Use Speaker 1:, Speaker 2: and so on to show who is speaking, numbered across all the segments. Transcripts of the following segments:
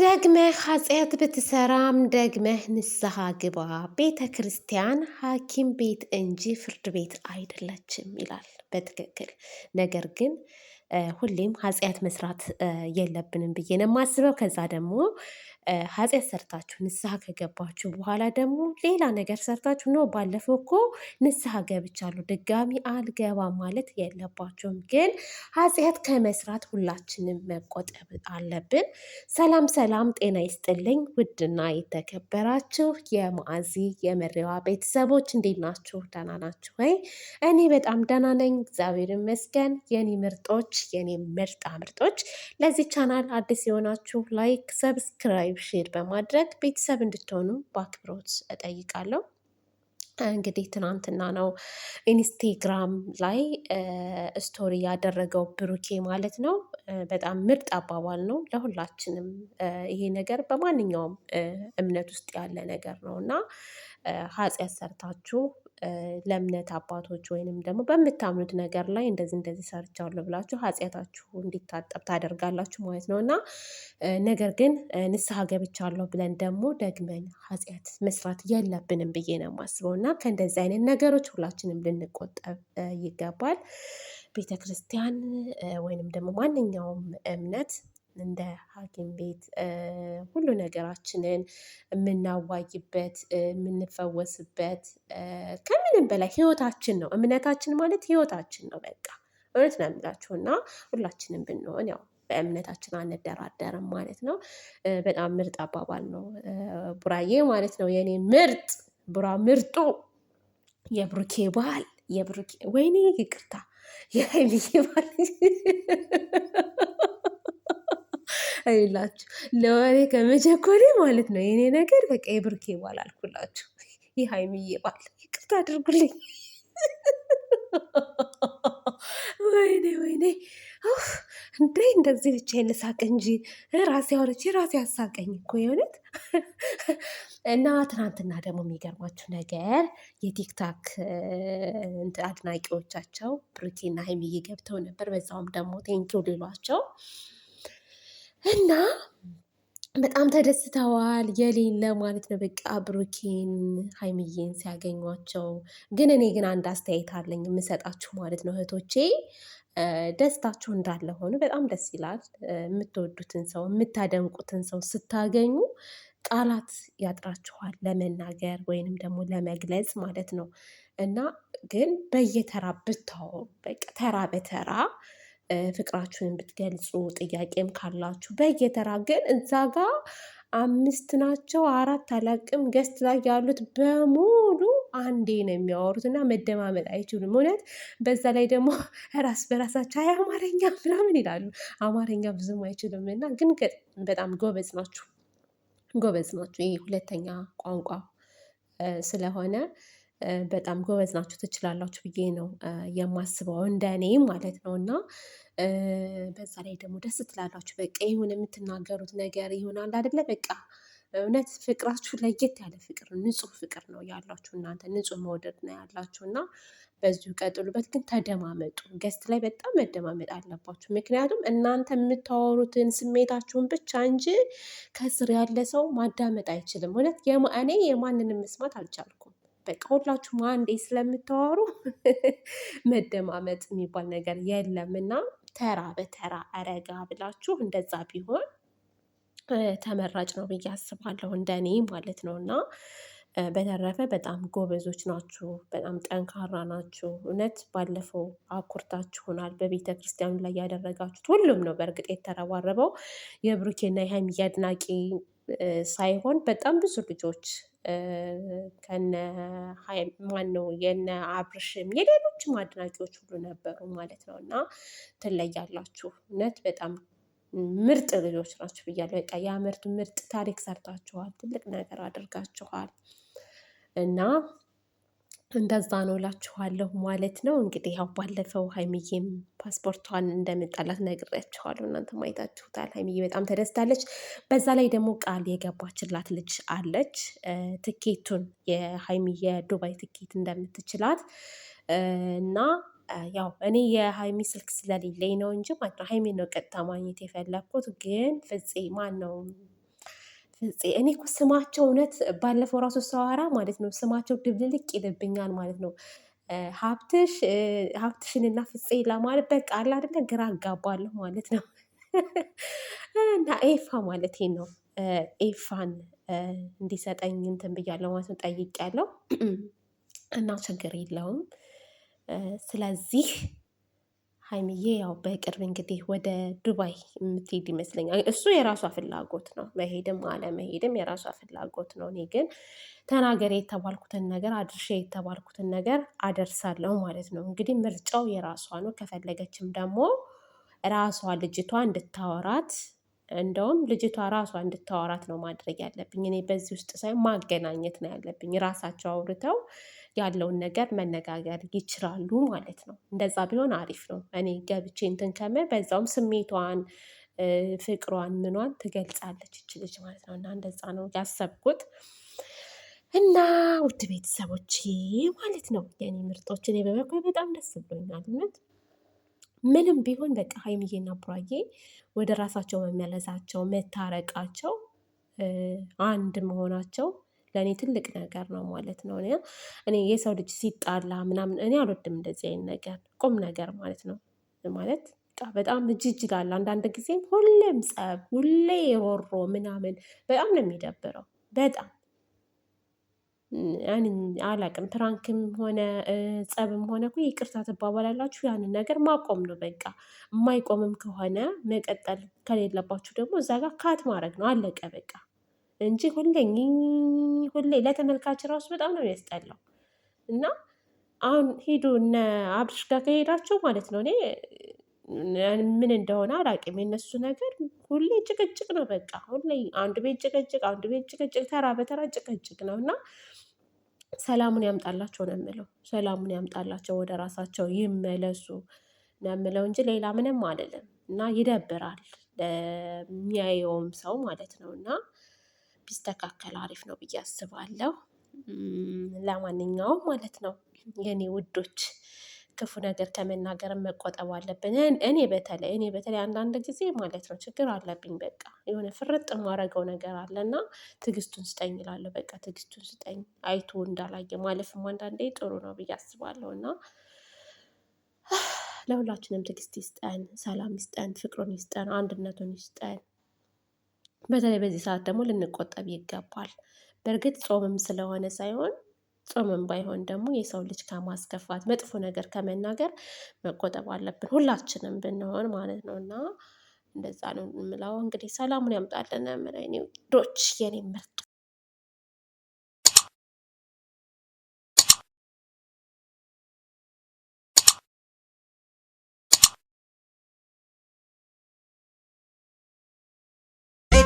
Speaker 1: ደግመህ ኃጢአት ብትሰራም ደግመህ ንስሐ ግባ፣ ቤተ ክርስቲያን ሐኪም ቤት እንጂ ፍርድ ቤት አይደለችም ይላል። በትክክል ነገር ግን ሁሌም ኃጢአት መስራት የለብንም ብዬ ነው የማስበው። ከዛ ደግሞ ኃጢአት ሰርታችሁ ንስሐ ከገባችሁ በኋላ ደግሞ ሌላ ነገር ሰርታችሁ ነው ባለፈው እኮ ንስሐ ገብቻለሁ ድጋሚ አልገባም ማለት የለባችሁም። ግን ኃጢአት ከመስራት ሁላችንም መቆጠብ አለብን። ሰላም ሰላም፣ ጤና ይስጥልኝ ውድና የተከበራችሁ የማዕዚ የመሪዋ ቤተሰቦች እንዴት ናችሁ? ደህና ናችሁ ወይ? እኔ በጣም ደህና ነኝ፣ እግዚአብሔር ይመስገን። የኔ ምርጦች፣ የኔ ምርጣ ምርጦች፣ ለዚህ ቻናል አዲስ የሆናችሁ ላይክ፣ ሰብስክራይብ ሼር በማድረግ ቤተሰብ እንድትሆኑ በአክብሮት እጠይቃለሁ። እንግዲህ ትናንትና ነው ኢንስቴግራም ላይ ስቶሪ ያደረገው ብሩኬ ማለት ነው። በጣም ምርጥ አባባል ነው ለሁላችንም። ይሄ ነገር በማንኛውም እምነት ውስጥ ያለ ነገር ነው እና ኃጢአት ሰርታችሁ ለእምነት አባቶች ወይንም ደግሞ በምታምኑት ነገር ላይ እንደዚህ እንደዚህ ሰርቻለሁ ብላችሁ ኃጢአታችሁ እንዲታጠብ ታደርጋላችሁ ማለት ነው እና ነገር ግን ንስሐ ገብቻለሁ ብለን ደግሞ ደግመን ኃጢአት መስራት የለብንም ብዬ ነው የማስበው እና ከእንደዚህ አይነት ነገሮች ሁላችንም ልንቆጠብ ይገባል። ቤተክርስቲያን ወይንም ደግሞ ማንኛውም እምነት እንደ ሐኪም ቤት ሁሉ ነገራችንን የምናዋይበት የምንፈወስበት ከምንም በላይ ህይወታችን ነው። እምነታችን ማለት ህይወታችን ነው። በቃ እውነት ነው የምላችሁ እና ሁላችንም ብንሆን ያው በእምነታችን አንደራደርም ማለት ነው። በጣም ምርጥ አባባል ነው ቡራዬ ማለት ነው። የኔ ምርጥ ቡራ ምርጡ የብሩኬ ባል የብሩኬ ወይኔ ይቅርታ የሀይሚዬ ባል አይላችሁ ለወሬ ከመቸኮሌ ማለት ነው። የኔ ነገር በቃ የብርኬ ባል አልኩላችሁ። ይህ ሀይሚዬ ባል ይቅርታ አድርጉልኝ። ወይኔ ወይኔ እንዴ! እንደዚህ ብቻ ልሳቅ እንጂ ራሴ ሆነች ራሴ አሳቀኝ እኮ የእውነት። እና ትናንትና ደግሞ የሚገርማችሁ ነገር የቲክታክ አድናቂዎቻቸው ብሩኬና ሀይሚዬ ገብተው ነበር። በዛውም ደግሞ ቴንኪው ሌሏቸው እና በጣም ተደስተዋል። የሌለ ማለት ነው በቃ ብሩኬን ሀይሚዬን ሲያገኟቸው። ግን እኔ ግን አንድ አስተያየት አለኝ የምሰጣችሁ ማለት ነው እህቶቼ፣ ደስታችሁ እንዳለ ሆኑ በጣም ደስ ይላል። የምትወዱትን ሰው የምታደንቁትን ሰው ስታገኙ ቃላት ያጥራችኋል ለመናገር ወይንም ደግሞ ለመግለጽ ማለት ነው እና ግን በየተራ ብታወሩ በቃ ተራ በተራ ፍቅራችሁን ብትገልጹ፣ ጥያቄም ካላችሁ በየተራ ግን እዛ ጋ አምስት ናቸው አራት አላቅም ገስት ላይ ያሉት በሙሉ አንዴ ነው የሚያወሩት እና መደማመጥ አይችሉም። እውነት በዛ ላይ ደግሞ ራስ በራሳቸው አይ አማርኛ ምናምን ይላሉ። አማርኛ ብዙም አይችሉም እና ግን በጣም ጎበዝ ናችሁ፣ ጎበዝ ናችሁ። ይህ ሁለተኛ ቋንቋ ስለሆነ በጣም ጎበዝ ናችሁ ትችላላችሁ ብዬ ነው የማስበው እንደኔ ማለት ነው። እና በዛ ላይ ደግሞ ደስ ትላላችሁ በቃ ይሁን የምትናገሩት ነገር ይሆናል አይደለ? በቃ እውነት ፍቅራችሁ ለየት ያለ ፍቅር ንጹህ ፍቅር ነው ያላችሁ እናንተ ንጹህ መውደድ ነው ያላችሁ እና በዚሁ ቀጥሉበት። ግን ተደማመጡ። ገስት ላይ በጣም መደማመጥ አለባችሁ። ምክንያቱም እናንተ የምታወሩትን ስሜታችሁን ብቻ እንጂ ከስር ያለ ሰው ማዳመጥ አይችልም። እውነት እኔ የማንንም መስማት አልቻልኩም። በቃ ሁላችሁም አንዴ ስለምታወሩ መደማመጥ የሚባል ነገር የለም እና ተራ በተራ አረጋ ብላችሁ እንደዛ ቢሆን ተመራጭ ነው ብዬ አስባለሁ፣ እንደኔ ማለት ነው እና በተረፈ በጣም ጎበዞች ናችሁ፣ በጣም ጠንካራ ናችሁ። እውነት ባለፈው አኩርታችሁናል። በቤተ ክርስቲያኑ ላይ ያደረጋችሁት ሁሉም ነው በእርግጥ የተረባረበው የብሩኬና የሀይሚ አድናቂ ሳይሆን በጣም ብዙ ልጆች ከነ ማን ነው የነ አብርሽም የሌሎችም አድናቂዎች ሁሉ ነበሩ ማለት ነው። እና ትለያላችሁ እውነት በጣም ምርጥ ልጆች ናችሁ ብያለሁ። በቃ የምርት ምርጥ ታሪክ ሰርታችኋል። ትልቅ ነገር አድርጋችኋል እና እንደዛ ነው እላችኋለሁ ማለት ነው። እንግዲህ ያው ባለፈው ሀይሚዬም ፓስፖርቷን እንደምጣላት ነግሬያችኋለሁ እናንተ ማየታችሁታል። ሀይሚዬ በጣም ተደስታለች። በዛ ላይ ደግሞ ቃል የገባችላት ልጅ አለች ትኬቱን የሀይሚ የዱባይ ትኬት እንደምትችላት እና ያው እኔ የሀይሚ ስልክ ስለሌለኝ ነው እንጂ ማለት ነው ሀይሚ ነው ቀጥታ ማግኘት የፈለግኩት ግን ፍፄ ማን ነው ፍፄ እኔ እኮ ስማቸው እውነት ባለፈው ራሱ ሰዋራ ማለት ነው ስማቸው ድብልልቅ ይልብኛል ማለት ነው። ሀብትሽ ሀብትሽንና ፍፄ ለማለት በቃ አለ አይደለ ግራ አጋባለሁ ማለት ነው። እና ኤፋ ማለት ነው ኤፋን እንዲሰጠኝ እንትን ብያለሁ ማለት ነው ያለው እና ችግር የለውም ስለዚህ ሀይሚዬ ያው በቅርብ እንግዲህ ወደ ዱባይ የምትሄድ ይመስለኛል። እሱ የራሷ ፍላጎት ነው፣ መሄድም አለመሄድም የራሷ ፍላጎት ነው። እኔ ግን ተናገሬ የተባልኩትን ነገር አድርሼ የተባልኩትን ነገር አደርሳለሁ ማለት ነው። እንግዲህ ምርጫው የራሷ ነው። ከፈለገችም ደግሞ ራሷ ልጅቷ እንድታወራት እንደውም ልጅቷ ራሷ እንድታወራት ነው ማድረግ ያለብኝ። እኔ በዚህ ውስጥ ሳይሆን ማገናኘት ነው ያለብኝ። ራሳቸው አውርተው ያለውን ነገር መነጋገር ይችላሉ ማለት ነው። እንደዛ ቢሆን አሪፍ ነው። እኔ ገብቼ እንትን ከምል በዛውም ስሜቷን ፍቅሯን ምኗን ትገልጻለች ይች ማለት ነው። እና እንደዛ ነው ያሰብኩት። እና ውድ ቤተሰቦች ማለት ነው የኔ ምርጦች፣ እኔ በበኩል በጣም ደስ ብሎኛል። እውነት ምንም ቢሆን በቃ ሀይሚዬና ቡራዬ ወደ ራሳቸው መመለሳቸው፣ መታረቃቸው፣ አንድ መሆናቸው ለእኔ ትልቅ ነገር ነው ማለት ነው። እኔ የሰው ልጅ ሲጣላ ምናምን እኔ አልወድም እንደዚህ አይነት ነገር ቁም ነገር ማለት ነው። ማለት በጣም እጅጅላለ አንዳንድ ጊዜ ሁሌም ፀብ ሁሌ ሮሮ ምናምን በጣም ነው የሚደብረው በጣም አላቅም ፕራንክም ሆነ ጸብም ሆነ እኮ ይቅርታ ትባባላላችሁ ያንን ነገር ማቆም ነው በቃ። የማይቆምም ከሆነ መቀጠል ከሌለባችሁ ደግሞ እዛ ጋር ካት ማድረግ ነው አለቀ በቃ እንጂ ሁሌ ሁሌ ለተመልካች ራሱ በጣም ነው የሚያስጠላው። እና አሁን ሂዱ እነ አብርሽ ጋር ከሄዳቸው ማለት ነው እኔ ምን እንደሆነ አላውቅም። የነሱ ነገር ሁሌ ጭቅጭቅ ነው። በቃ ሁሌ አንዱ ቤት ጭቅጭቅ፣ አንዱ ቤት ጭቅጭቅ፣ ተራ በተራ ጭቅጭቅ ነው እና ሰላሙን ያምጣላቸው ነው የምለው። ሰላሙን ያምጣላቸው፣ ወደ ራሳቸው ይመለሱ ነው የምለው እንጂ ሌላ ምንም አይደለም። እና ይደብራል ለሚያየውም ሰው ማለት ነው እና ቢስተካከል አሪፍ ነው ብዬ አስባለሁ። ለማንኛውም ማለት ነው የኔ ውዶች ክፉ ነገር ከመናገር መቆጠብ አለብን። እኔ በተለይ እኔ በተለይ አንዳንድ ጊዜ ማለት ነው ችግር አለብኝ በቃ የሆነ ፍርጥ የማደርገው ነገር አለ ትዕግስቱን ስጠኝ ይላለሁ። በቃ ትዕግስቱን ስጠኝ አይቶ እንዳላየ ማለፍም አንዳንዴ ጥሩ ነው ብዬ አስባለሁ። እና ለሁላችንም ትዕግስት ይስጠን፣ ሰላም ይስጠን፣ ፍቅሩን ይስጠን፣ አንድነቱን ይስጠን። በተለይ በዚህ ሰዓት ደግሞ ልንቆጠብ ይገባል። በእርግጥ ጾምም ስለሆነ ሳይሆን ጾምም ባይሆን ደግሞ የሰው ልጅ ከማስከፋት መጥፎ ነገር ከመናገር መቆጠብ አለብን ሁላችንም ብንሆን ማለት ነው። እና እንደዛ ነው የምለው። እንግዲህ ሰላሙን ያምጣልን ምረኝ ዶች የኔ ምርት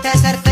Speaker 1: That's acerté